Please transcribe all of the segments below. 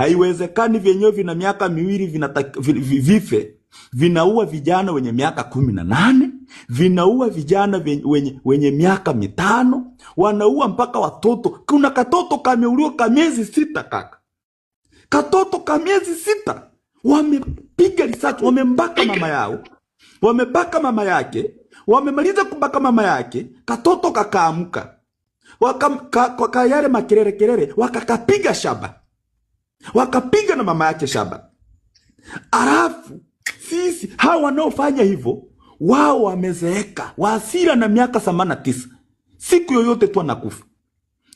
Haiwezekani vyenyewe vina miaka miwili vinata, vife vinaua vijana wenye miaka kumi na nane vinaua vijana wenye, wenye miaka mitano wanaua mpaka watoto. Kuna katoto kameuliwa ka miezi sita, kaka, katoto ka miezi sita, wamepiga risasi, wamembaka mama yao, wamebaka mama yake, wamemaliza kubaka mama yake, katoto kakaamka waka, ka, ka, makelele kelele wakakapiga shaba wakapiga na mama yake Shaba. Alafu sisi hawa wanaofanya hivyo wao wamezeeka, Wasira na miaka themanini na tisa, siku yoyote tu anakufa.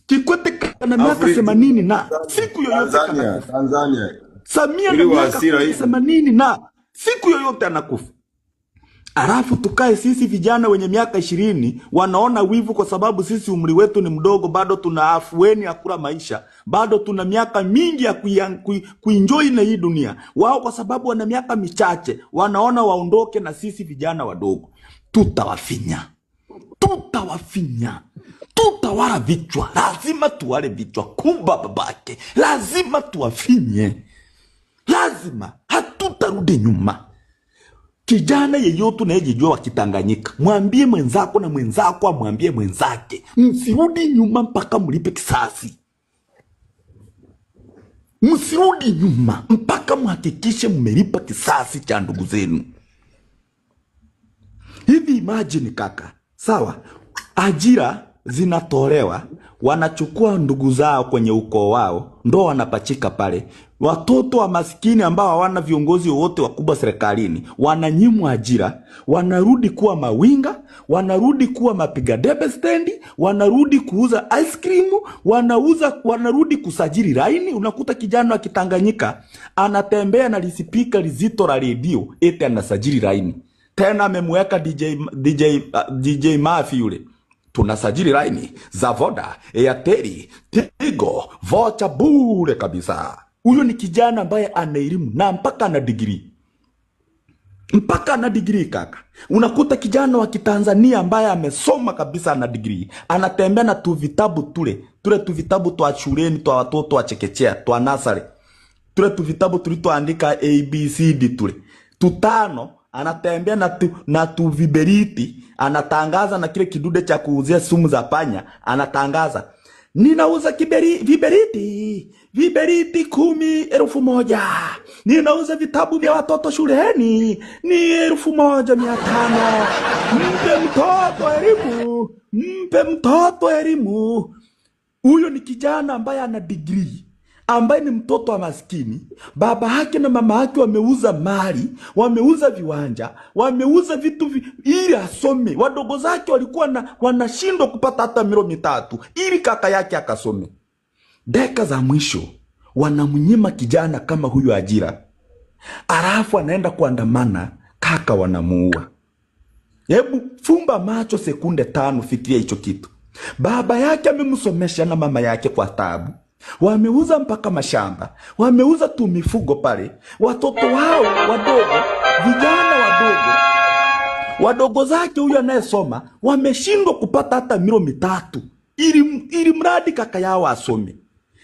Kikwete kana miaka themanini na siku yoyote anakufa. Samia na miaka themanini na siku yoyote anakufa. Alafu tukae sisi vijana wenye miaka ishirini wanaona wivu kwa sababu sisi umri wetu ni mdogo, bado tuna afueni akula maisha, bado tuna miaka mingi ya kuinjoi na hii dunia. Wao kwa sababu wana miaka michache wanaona waondoke na sisi vijana wadogo. Tutawafinya, tutawafinya, tutawala vichwa, lazima tuwale vichwa kumba babake, lazima tuwafinye, lazima, hatutarudi nyuma. Kijana yeyote unayejijua wa Kitanganyika, mwambie mwenzako na mwenzako amwambie mwenzake, msirudi nyuma mpaka mlipe kisasi. Msirudi nyuma mpaka mhakikishe mmelipa kisasi cha ndugu zenu. Hivi imagine kaka, sawa, ajira zinatolewa, wanachukua ndugu zao kwenye ukoo wao, ndo wanapachika pale. Watoto wa maskini ambao hawana viongozi wowote wakubwa serikalini wananyimwa ajira, wanarudi kuwa mawinga, wanarudi kuwa mapiga debe stendi, wanarudi kuuza ice cream, wanauza, wanarudi kusajili laini. Unakuta kijana wa Kitanganyika anatembea na lisipika lizito la redio ete anasajili laini, tena amemweka DJ, DJ, uh, DJ Mafi yule tunasajili laini za Voda, Airtel, Tigo, vocha bure kabisa. Huyo ni kijana ambaye ana elimu na mpaka ana digrii mpaka ana digrii kaka. Unakuta kijana wa Kitanzania ambaye amesoma kabisa, ana digrii, anatembea na tu vitabu tule tule tu vitabu twa shuleni twa watoto wa chekechea twa nasari tule tu vitabu tulitoandika ABCD tule tutano anatembea na, tu, na viberiti anatangaza na kile kidude cha kuuzia sumu za panya anatangaza ninauza kiberi, viberiti viberiti kumi elfu moja ninauza vitabu vya watoto shuleni ni elfu moja mia tano mpe mtoto elimu mpe mtoto elimu huyo ni kijana ambaye ana degree ambaye ni mtoto wa maskini, baba yake na mama yake wameuza mali, wameuza viwanja, wameuza vitu vi, ili asome. Wadogo zake walikuwa na, wanashindwa kupata hata milo mitatu ili kaka yake akasome. Deka za mwisho wanamnyima kijana kama huyu ajira, alafu anaenda kuandamana, kaka wanamuua. Hebu fumba macho sekunde tano, fikiria hicho kitu. Baba yake amemsomesha na mama yake kwa tabu wameuza mpaka mashamba, wameuza tu mifugo pale, watoto wao wadogo, vijana wadogo, wadogo zake huyu anayesoma, wameshindwa kupata hata milo mitatu, ili, ili mradi kaka yao asome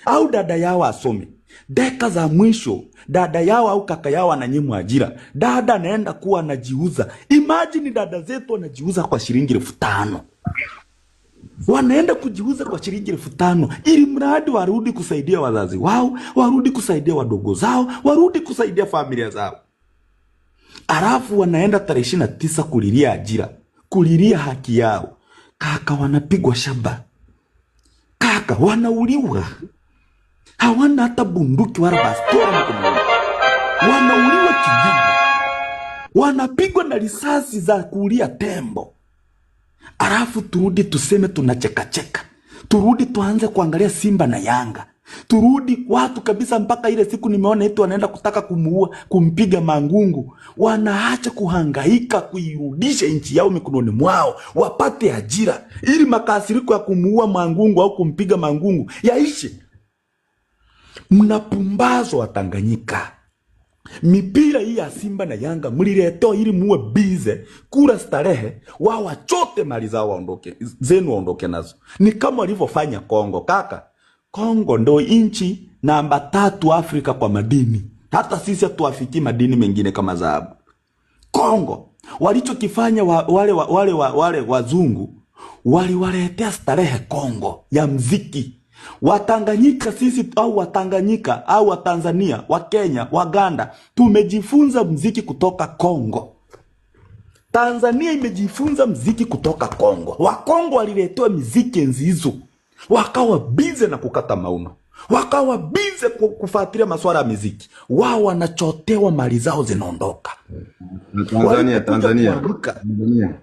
au dada yao asome. Deka za mwisho dada yao au kaka yao ananyimwa ajira, dada anaenda kuwa anajiuza. imajini dada zetu anajiuza kwa shilingi elfu tano wanaenda kujiuza kwa shilingi elfu tano ili mradi warudi kusaidia wazazi wao, warudi kusaidia wadogo zao, warudi kusaidia familia zao. Alafu wanaenda tarehe ishirini na tisa kulilia ajira, kulilia haki yao. Kaka, wanapigwa shaba kaka, wanauliwa, hawana hata bunduki wala bastola mkononi, wanauliwa kijiji, wanapigwa na risasi za kulia tembo alafu turudi tuseme tunachekacheka, turudi tuanze kuangalia Simba na Yanga, turudi watu kabisa. Mpaka ile siku nimeona eti wanaenda kutaka kumuua, kumpiga Mangungu. Wanaacha kuhangaika kuirudisha nchi yao mikononi mwao, wapate ajira, ili makasiriko ya kumuua Mangungu au kumpiga Mangungu yaishe Mnapumbazwa Watanganyika mipira hii ya Simba na Yanga mliletewa ili muwe bize kula starehe, wao wachote mali zao waondoke zenu, waondoke nazo. Ni kama walivyofanya Kongo. Kaka, Kongo ndo inchi namba tatu Afrika kwa madini. Hata sisi hatuwafikii madini mengine kama dhahabu. Kongo walichokifanya wa, wale, wa, wale, wa, wale wazungu waliwaletea starehe Kongo ya mziki Watanganyika sisi au Watanganyika au Watanzania, Wakenya, Waganda tumejifunza mziki kutoka Kongo. Tanzania imejifunza mziki kutoka Kongo. Wakongo waliletewa miziki enzi hizo, wakawa bize na kukata mauno, wakawa bize kufuatilia masuala ya miziki. Wao wanachotewa mali zao zinaondoka. Tanzania, Tanzania, Tanzania.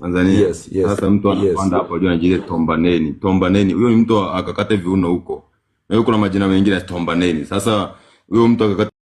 Tanzania. Yes, yes. Sasa mtu anapanda hapo yes. Juu anajiita tombaneni. Tombaneni. Huyo ni mtu akakata viuno huko. Na huko kuna majina mengine tombaneni. Sasa huyo mtu akakata